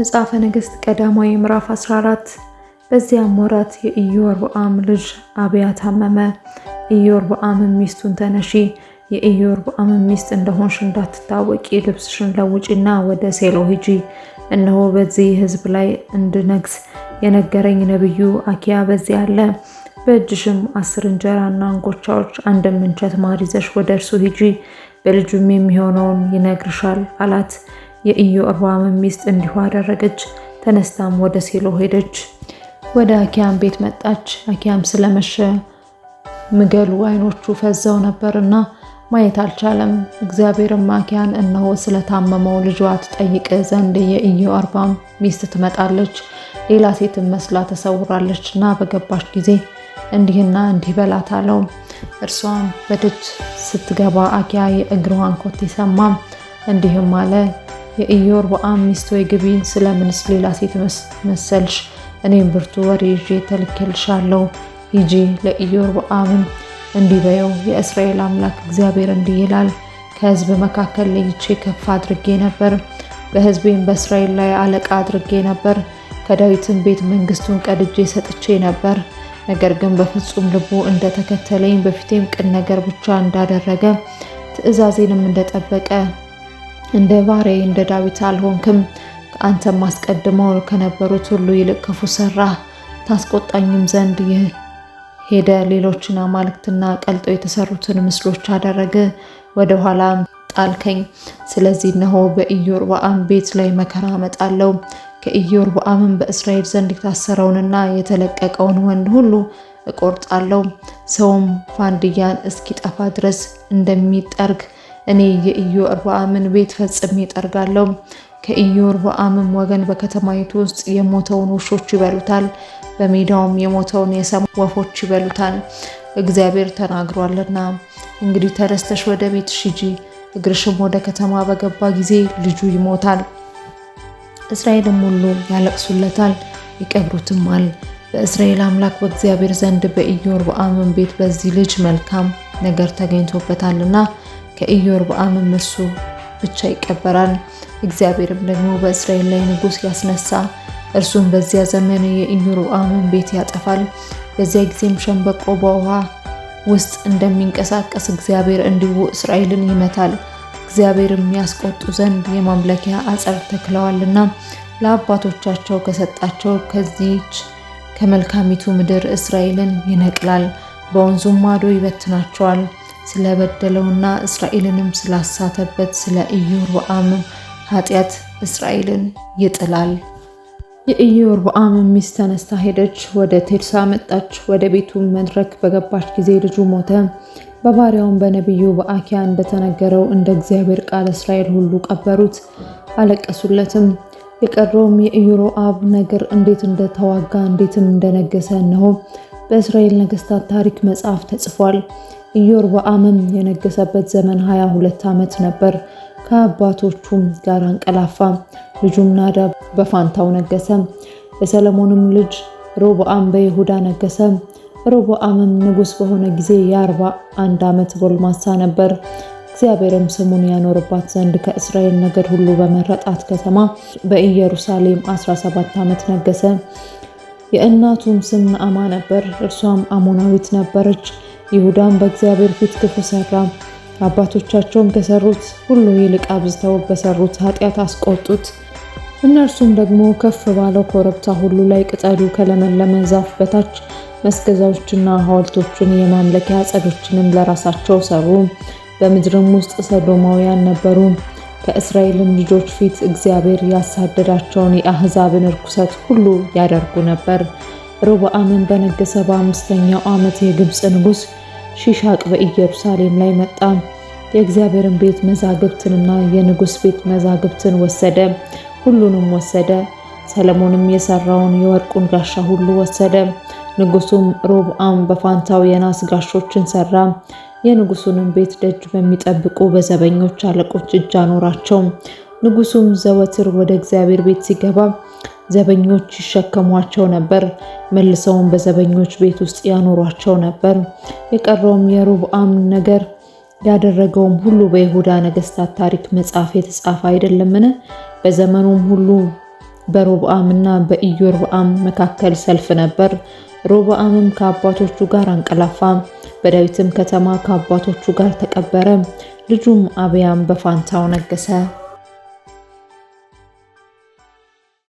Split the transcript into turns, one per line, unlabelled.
መጽሐፈ ነገሥት ቀዳማዊ ምዕራፍ 14 በዚያም ወራት የኢዮርብዓም ልጅ አብያ ታመመ። ኢዮርብዓምን ሚስቱን ተነሺ፣ የኢዮርብዓም ሚስት እንደሆንሽ እንዳትታወቂ ልብስሽን ለውጪና ወደ ሴሎ ሂጂ። እነሆ በዚህ ሕዝብ ላይ እንድነግስ የነገረኝ ነቢዩ አኪያ በዚያ አለ። በእጅሽም አስር እንጀራና እንጎቻዎች አንድም እንጨት ማር ይዘሽ ወደ እርሱ ሂጂ፣ በልጁም የሚሆነውን ይነግርሻል አላት። የኢዮርብዓምን ሚስት እንዲሁ አደረገች። ተነስታም ወደ ሴሎ ሄደች። ወደ አኪያም ቤት መጣች። አኪያም ስለመሸ ምገሉ አይኖቹ ፈዘው ነበርና ማየት አልቻለም። እግዚአብሔርም አኪያን እነሆ ስለታመመው ልጇ ትጠይቅ ዘንድ የኢዮርብዓም ሚስት ትመጣለች፣ ሌላ ሴትም መስላ ተሰውራለች እና በገባች ጊዜ እንዲህና እንዲህ በላት አለው። እርሷም በደጅ ስትገባ አኪያ የእግሯን ኮቴ ሰማም እንዲህም አለ የኢዮርብዓም ሚስት ወይ ግቢ፣ ስለምንስ ሌላ ሴት መሰልሽ? እኔም ብርቱ ወሬ ይዤ ተልኬልሻለሁ። ሂጂ ለኢዮርብዓምም እንዲህ በየው፣ የእስራኤል አምላክ እግዚአብሔር እንዲህ ይላል፣ ከህዝብ መካከል ለይቼ ከፍ አድርጌ ነበር፣ በህዝቤም በእስራኤል ላይ አለቃ አድርጌ ነበር። ከዳዊትም ቤት መንግስቱን ቀድጄ ሰጥቼ ነበር። ነገር ግን በፍጹም ልቡ እንደተከተለኝ በፊቴም ቅን ነገር ብቻ እንዳደረገ ትእዛዜንም እንደጠበቀ እንደ ባሬ እንደ ዳዊት አልሆንክም። አንተም አስቀድመው ከነበሩት ሁሉ ይልቅ ክፉ ሰራ፣ ታስቆጣኝም ዘንድ ሄደ። ሌሎችን አማልክትና ቀልጦ የተሰሩትን ምስሎች አደረገ፣ ወደ ኋላም ጣልከኝ። ስለዚህ እነሆ በኢዮርብዓም ቤት ላይ መከራ አመጣለሁ። ከኢዮርብዓምም በእስራኤል ዘንድ የታሰረውንና የተለቀቀውን ወንድ ሁሉ እቆርጣለሁ። ሰውም ፋንድያን እስኪጠፋ ድረስ እንደሚጠርግ እኔ የኢዮርብዓምን ቤት ፈጽሜ እጠርጋለሁ። ከኢዮርብዓምም ወገን በከተማይቱ ውስጥ የሞተውን ውሾች ይበሉታል፣ በሜዳውም የሞተውን የሰማይ ወፎች ይበሉታል፣ እግዚአብሔር ተናግሯልና። እንግዲህ ተነስተሽ ወደ ቤትሽ ሂጂ፣ እግርሽም ወደ ከተማ በገባ ጊዜ ልጁ ይሞታል። እስራኤልም ሁሉ ያለቅሱለታል፣ ይቀብሩትማል። በእስራኤል አምላክ በእግዚአብሔር ዘንድ በኢዮርብዓምን ቤት በዚህ ልጅ መልካም ነገር ተገኝቶበታልና ከኢዮርብዓምም እሱ ብቻ ይቀበራል። እግዚአብሔርም ደግሞ በእስራኤል ላይ ንጉሥ ያስነሳ፣ እርሱም በዚያ ዘመን የኢዮርብዓምን ቤት ያጠፋል። በዚያ ጊዜም ሸምበቆ በውሃ ውስጥ እንደሚንቀሳቀስ እግዚአብሔር እንዲሁ እስራኤልን ይመታል። እግዚአብሔርም ያስቆጡ ዘንድ የማምለኪያ አጸር ተክለዋልና ለአባቶቻቸው ከሰጣቸው ከዚች ከመልካሚቱ ምድር እስራኤልን ይነቅላል፣ በወንዙም ማዶ ይበትናቸዋል። ስለበደለውና እስራኤልንም ስላሳተበት ስለ ኢዮርብዓም ኃጢአት እስራኤልን ይጥላል። የኢዮርብዓም ሚስት ተነስታ ሄደች፣ ወደ ቴርሳ መጣች። ወደ ቤቱ መድረክ በገባች ጊዜ ልጁ ሞተ። በባሪያውም በነቢዩ በአኪያ እንደተነገረው እንደ እግዚአብሔር ቃል እስራኤል ሁሉ ቀበሩት፣ አለቀሱለትም። የቀረውም የኢዮርብዓም ነገር እንዴት እንደተዋጋ እንዴትም እንደነገሰ እነሆ በእስራኤል ነገስታት ታሪክ መጽሐፍ ተጽፏል። ኢዮርብዓምም የነገሰበት ዘመን 22 ዓመት ነበር። ከአባቶቹም ጋር አንቀላፋ፣ ልጁም ናዳ በፋንታው ነገሰ። የሰለሞንም ልጅ ሮብአም በይሁዳ ነገሰ። ሮብአምም ንጉሥ በሆነ ጊዜ የአርባ አንድ ዓመት ጎልማሳ ነበር። እግዚአብሔርም ስሙን ያኖርባት ዘንድ ከእስራኤል ነገድ ሁሉ በመረጣት ከተማ በኢየሩሳሌም 17 ዓመት ነገሰ። የእናቱም ስም ናዕማ ነበር፣ እርሷም አሞናዊት ነበረች። ይሁዳም በእግዚአብሔር ፊት ክፉ ሰራ፣ አባቶቻቸውም ከሰሩት ሁሉ ይልቅ አብዝተው በሰሩት ኃጢአት አስቆጡት። እነርሱም ደግሞ ከፍ ባለው ኮረብታ ሁሉ ላይ ቅጠሉ ከለመለመ ዛፍ በታች መስገዛዎችና ሐውልቶችን የማምለኪያ አጸዶችንም ለራሳቸው ሰሩ። በምድርም ውስጥ ሰዶማውያን ነበሩ። ከእስራኤልም ልጆች ፊት እግዚአብሔር ያሳደዳቸውን የአሕዛብን እርኩሰት ሁሉ ያደርጉ ነበር። ሮብዓምን በነገሰ በአምስተኛው ዓመት የግብፅ ንጉሥ ሺሻቅ በኢየሩሳሌም ላይ መጣ። የእግዚአብሔርን ቤት መዛግብትንና የንጉሥ ቤት መዛግብትን ወሰደ፣ ሁሉንም ወሰደ። ሰለሞንም የሰራውን የወርቁን ጋሻ ሁሉ ወሰደ። ንጉሱም ሮብዓም በፋንታው የናስ ጋሾችን ሰራ። የንጉሱንም ቤት ደጅ በሚጠብቁ በዘበኞች አለቆች እጅ አኖራቸው። ንጉሱም ዘወትር ወደ እግዚአብሔር ቤት ሲገባ ዘበኞች ይሸከሟቸው ነበር፣ መልሰውም በዘበኞች ቤት ውስጥ ያኖሯቸው ነበር። የቀረውም የሩብአም ነገር ያደረገውም ሁሉ በይሁዳ ነገስታት ታሪክ መጽሐፍ የተጻፈ አይደለምን? በዘመኑም ሁሉ በሮብአም እና በኢዮርብአም መካከል ሰልፍ ነበር። ሮብአምም ከአባቶቹ ጋር አንቀላፋ። በዳዊትም ከተማ ከአባቶቹ ጋር ተቀበረ። ልጁም አብያም በፋንታው ነገሰ።